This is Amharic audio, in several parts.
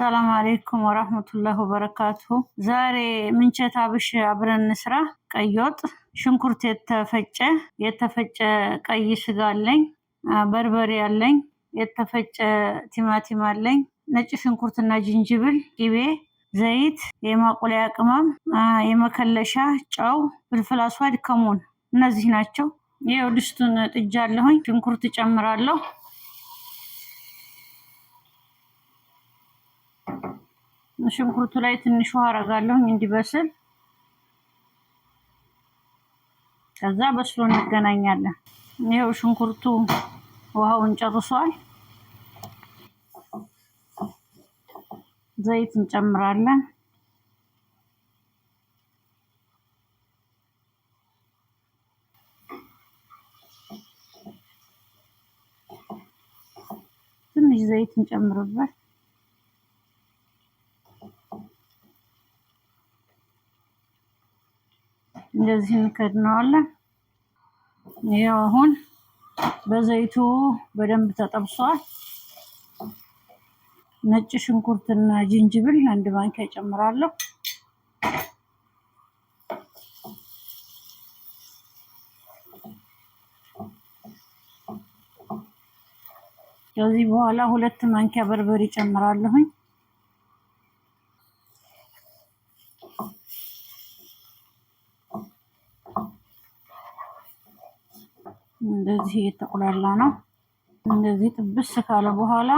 ሰላም አሌይኩም ወራህመቱላህ ወበረካቱ። ዛሬ ምንቸት አብሽ አብረን ስራ ቀይ ወጥ፣ ሽንኩርት የተፈጨ የተፈጨ ቀይ ስጋ አለኝ፣ በርበሬ አለኝ፣ የተፈጨ ቲማቲም አለኝ፣ ነጭ ሽንኩርትና ጅንጅብል፣ ቂቤ፣ ዘይት፣ የማቁላያ ቅመም፣ የመከለሻ ጨው፣ ፍልፍል አስዋድ፣ ከሙን እነዚህ ናቸው። ይኸው ድስቱን ጥጃ ሽንኩርት ጨምራለሁ። ሽንኩርቱ ላይ ትንሽ ውሃ አረጋለሁኝ እንዲበስል። ከዛ በስሎ እንገናኛለን። ይኸው ሽንኩርቱ ውሃውን ጨርሷል። ዘይት እንጨምራለን። ትንሽ ዘይት እንጨምርበት እንደዚህ እንከድነዋለን። ይኸው አሁን በዘይቱ በደንብ ተጠብሷል። ነጭ ሽንኩርትና ጅንጅብል አንድ ማንኪያ ጨምራለሁ። ከዚህ በኋላ ሁለት ማንኪያ በርበሬ ጨምራለሁኝ። እንደዚህ እየተቆላላ ነው። እንደዚህ ጥብስ ካለ በኋላ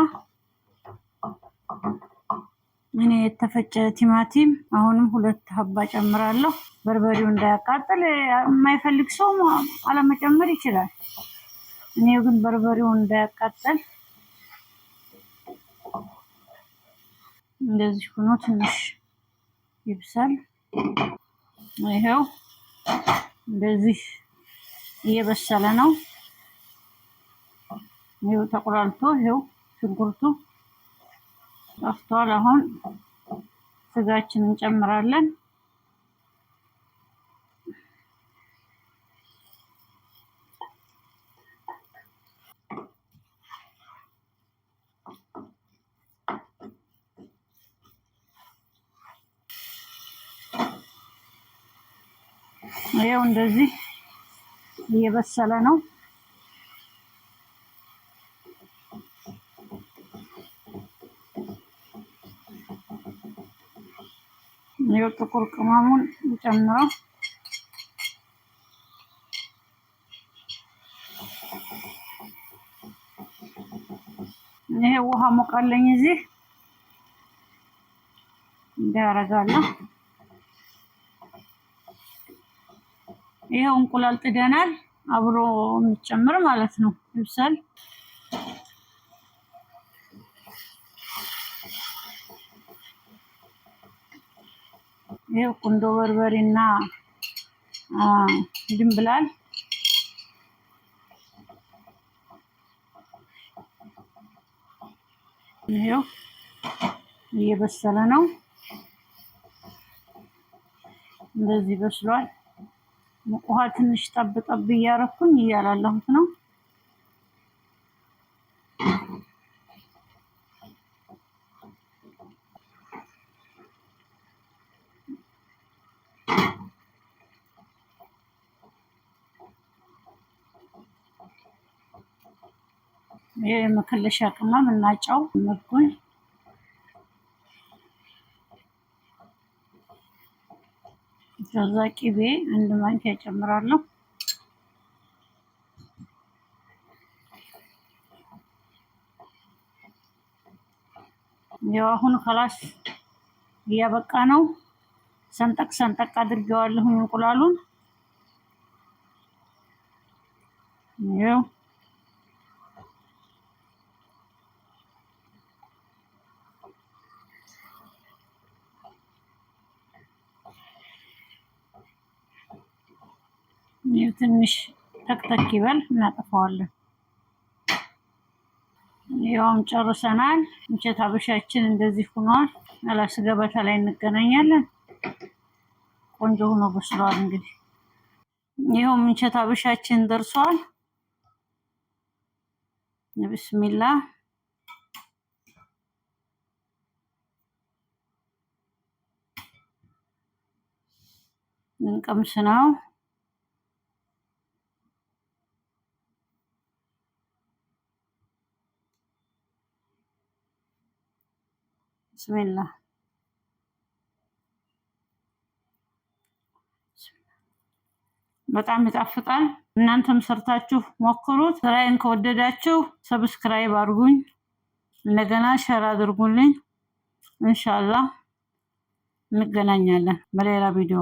እኔ የተፈጨ ቲማቲም አሁንም ሁለት ሀባ ጨምራለሁ። በርበሬው እንዳያቃጥል የማይፈልግ ሰው አለመጨመር ይችላል። እኔ ግን በርበሬው እንዳያቃጥል እንደዚህ ሆኖ ትንሽ ይብሳል። ይኸው እንደዚህ እየበሰለ ነው። ይኸው ተቆላልቶ ይኸው ሽንኩርቱ ጠፍቷል። አሁን ስጋችን እንጨምራለን። ይኸው እንደዚህ እየበሰለ ነው። ይኸው ጥቁር ቅመሙን ጨምረው ይሄ ውሃ ሞቃለኝ እዚህ እንዲያረጋለሁ። ይኸው እንቁላል ጥደናል አብሮ የሚጨምር ማለት ነው። ይብሳል። ይኸው ቁንዶ በርበሬና ድንብላል ይኸው እየበሰለ ነው። እንደዚህ በስሏል። ውሃ ትንሽ ጠብ ጠብ እያረኩኝ እያላለሁት ነው። የመከለሻ ቅመም እናጫው መርኩኝ ከዛ ቂቤ አንድ ማንኪያ ጨምራለሁ። ያው አሁን ከላስ እያበቃ ነው። ሰንጠቅ ሰንጠቅ አድርጌዋለሁኝ እንቁላሉን ያው ትንሽ ተክተክ ይበል እናጠፋዋለን። ያውም ጨርሰናል። እንቸት አበሻችን እንደዚህ ሁኗል። አላስ ገበታ ላይ እንገናኛለን። ቆንጆ ሆኖ በስሏል። እንግዲህ ይኸውም እንቸት አበሻችን ደርሷል። ብስሚላ እንቀምስ ነው። ብስሚላ በጣም ይጣፍጣል። እናንተም ሰርታችሁ ሞክሩት። ስራዬን ከወደዳችሁ ሰብስክራይብ አድርጉኝ፣ እንደገና ሸር አድርጉልኝ። እንሻላ እንገናኛለን በሌላ ቪዲዮ።